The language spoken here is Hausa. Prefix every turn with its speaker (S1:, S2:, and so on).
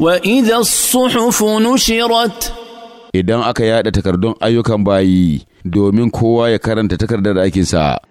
S1: wa وإذا الصحف nushirat
S2: idan aka yada takardun ayyukan bayi domin kowa ya karanta takardar aikinsa